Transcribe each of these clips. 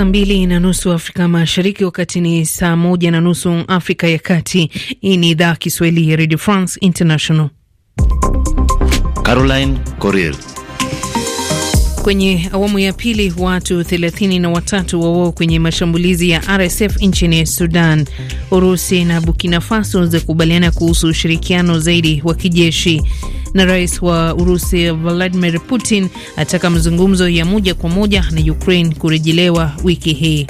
Saa mbili na nusu Afrika Mashariki, wakati ni saa moja na nusu Afrika ya Kati. Hii ni idhaa Kiswahili ya Radio France International. Caroline Corel Kwenye awamu ya pili, watu thelathini na watatu wawao kwenye mashambulizi ya RSF nchini Sudan. Urusi na Burkina Faso zakubaliana kuhusu ushirikiano zaidi wa kijeshi na rais wa Urusi Vladimir Putin ataka mazungumzo ya moja kwa moja na Ukraine kurejelewa wiki hii.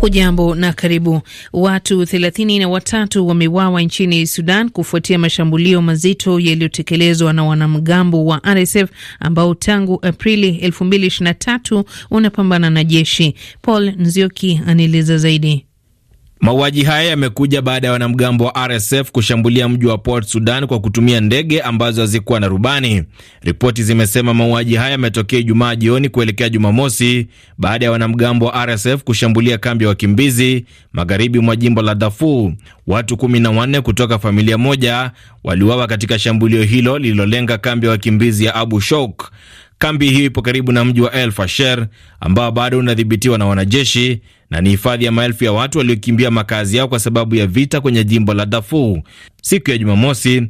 Hujambo na karibu. Watu thelathini na watatu wamewawa nchini Sudan kufuatia mashambulio mazito yaliyotekelezwa na wanamgambo wa RSF ambao tangu Aprili 2023 wanapambana na jeshi. Paul Nzioki anaeleza zaidi. Mauaji haya yamekuja baada ya wanamgambo wa RSF kushambulia mji wa Port Sudan kwa kutumia ndege ambazo hazikuwa na rubani. Ripoti zimesema mauaji haya yametokea Ijumaa jioni kuelekea Jumamosi baada ya wanamgambo wa RSF kushambulia kambi ya wa wakimbizi magharibi mwa jimbo la Darfur. Watu 14 kutoka familia moja waliuawa katika shambulio hilo lililolenga kambi ya wa wakimbizi ya Abu Shouk. Kambi hiyo ipo karibu na mji wa El Fasher ambao bado unadhibitiwa na wanajeshi na ni hifadhi ya maelfu ya watu waliokimbia makazi yao kwa sababu ya vita kwenye jimbo la Darfur. Siku ya Jumamosi,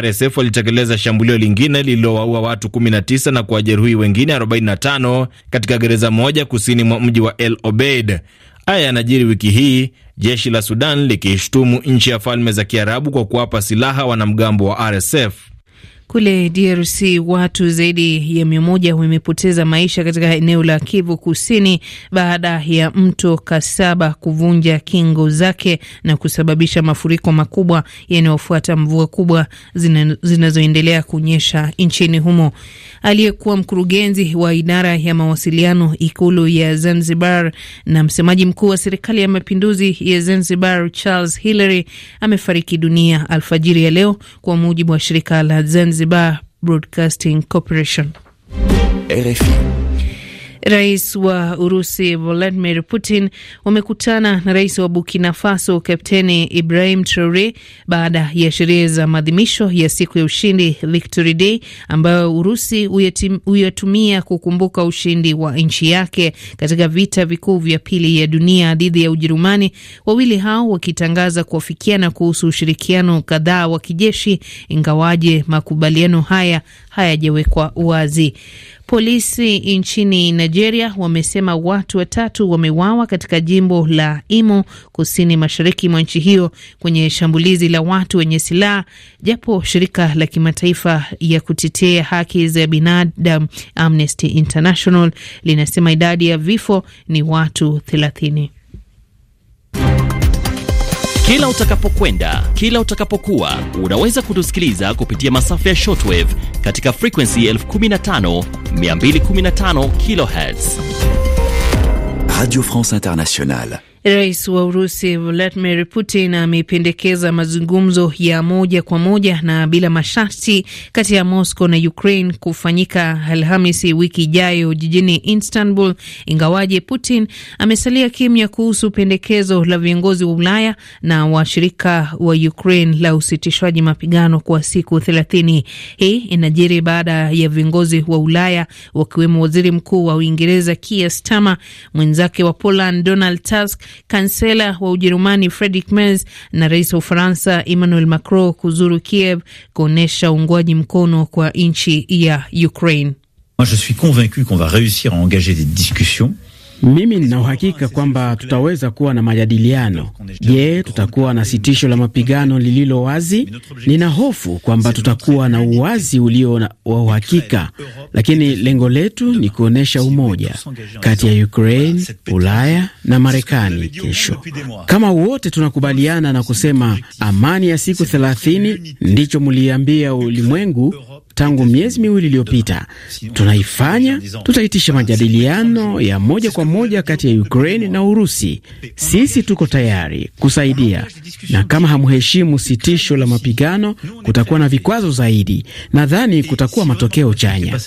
RSF walitekeleza shambulio lingine lililowaua watu 19 na kuwajeruhi wengine 45 katika gereza moja kusini mwa mji wa El Obeid. Haya yanajiri wiki hii, jeshi la Sudan likishutumu nchi ya Falme za Kiarabu kwa kuwapa silaha wanamgambo wa RSF. Kule DRC watu zaidi ya mia moja wamepoteza maisha katika eneo la Kivu Kusini baada ya mto Kasaba kuvunja kingo zake na kusababisha mafuriko makubwa yanayofuata mvua kubwa zinazoendelea kunyesha nchini humo. Aliyekuwa mkurugenzi wa idara ya mawasiliano Ikulu ya Zanzibar na msemaji mkuu wa serikali ya mapinduzi ya Zanzibar Charles Hilary amefariki dunia alfajiri ya leo kwa mujibu wa shirika la Zanzibar Zanzibar Broadcasting Corporation, RFI. Rais wa Urusi Vladimir Putin wamekutana na rais wa Burkina Faso Kapteni Ibrahim Traore baada ya sherehe za maadhimisho ya siku ya ushindi Victory Day ambayo Urusi huyatumia kukumbuka ushindi wa nchi yake katika vita vikuu vya pili ya dunia dhidi ya Ujerumani, wawili hao wakitangaza kuafikiana kuhusu ushirikiano kadhaa wa kijeshi, ingawaje makubaliano haya hayajawekwa wazi. Polisi nchini Nigeria wamesema watu watatu wameuawa katika jimbo la Imo kusini mashariki mwa nchi hiyo kwenye shambulizi la watu wenye silaha, japo shirika la kimataifa ya kutetea haki za binadamu Amnesty International linasema idadi ya vifo ni watu thelathini. Kila utakapokwenda, kila utakapokuwa, unaweza kutusikiliza kupitia masafa ya shortwave katika frequency 15215 215 Radio France Internationale. Rais wa Urusi Vladimir Putin amependekeza mazungumzo ya moja kwa moja na bila masharti kati ya Moscow na Ukraine kufanyika Alhamisi wiki ijayo jijini Istanbul, ingawaje Putin amesalia kimya kuhusu pendekezo la viongozi wa Ulaya na washirika wa Ukraine la usitishwaji mapigano kwa siku thelathini. Hii inajiri baada ya viongozi wa Ulaya wakiwemo waziri mkuu wa Uingereza Keir Starmer, mwenzake wa Poland Donald Tusk kansela wa Ujerumani Friedrich Merz na rais wa Ufaransa Emmanuel Macron kuzuru Kiev kuonyesha uungwaji mkono kwa nchi ya Ukraine. Moi je suis convaincu qu'on va réussir à engager des discussions mimi nina uhakika kwamba tutaweza kuwa na majadiliano. Je, tutakuwa na sitisho la mapigano lililo wazi? Nina hofu kwamba tutakuwa na uwazi ulio wa uhakika, lakini lengo letu ni kuonyesha umoja kati ya Ukraine, Ulaya na Marekani kesho. Kama wote tunakubaliana na kusema amani ya siku thelathini, ndicho mliambia ulimwengu tangu miezi miwili iliyopita. Tunaifanya, tutaitisha majadiliano ya moja kwa moja kati ya Ukraine na Urusi. Sisi tuko tayari kusaidia, na kama hamheshimu sitisho la mapigano, kutakuwa na vikwazo zaidi. Nadhani kutakuwa matokeo chanya.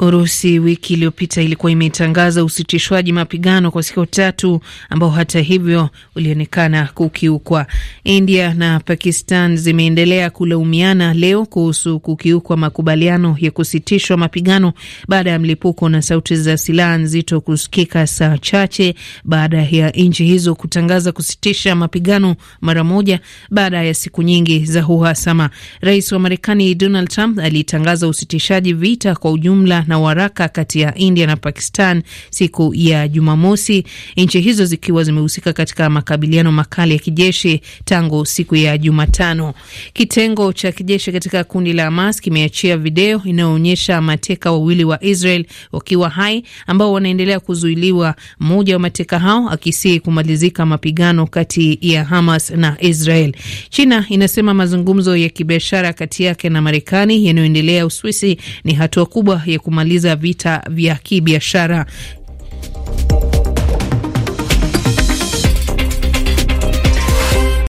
Urusi wiki iliyopita ilikuwa imetangaza usitishwaji mapigano kwa siku tatu, ambao hata hivyo ulionekana kukiukwa. India na Pakistan zimeendelea kulaumiana leo kuhusu kukiukwa makubaliano ya kusitishwa mapigano baada ya mlipuko na sauti za silaha nzito kusikika saa chache baada ya nchi hizo kutangaza kusitisha mapigano mara moja baada ya siku nyingi za uhasama. Rais wa Marekani Donald Trump alitangaza usitishaji vita kwa ujumla na waraka kati ya India na Pakistan siku ya Jumamosi, nchi hizo zikiwa zimehusika katika makabiliano makali ya kijeshi tangu siku ya Jumatano. Kitengo cha kijeshi katika kundi la Hamas kimeachia video inayoonyesha mateka wawili wa Israel wakiwa hai ambao wanaendelea kuzuiliwa, mmoja wa mateka hao akisii kumalizika mapigano kati ya Hamas na Israel. China inasema mazungumzo ya kibiashara kati yake na Marekani yanayoendelea Uswisi ni hatua kubwa ya kuma kumaliza vita vya kibiashara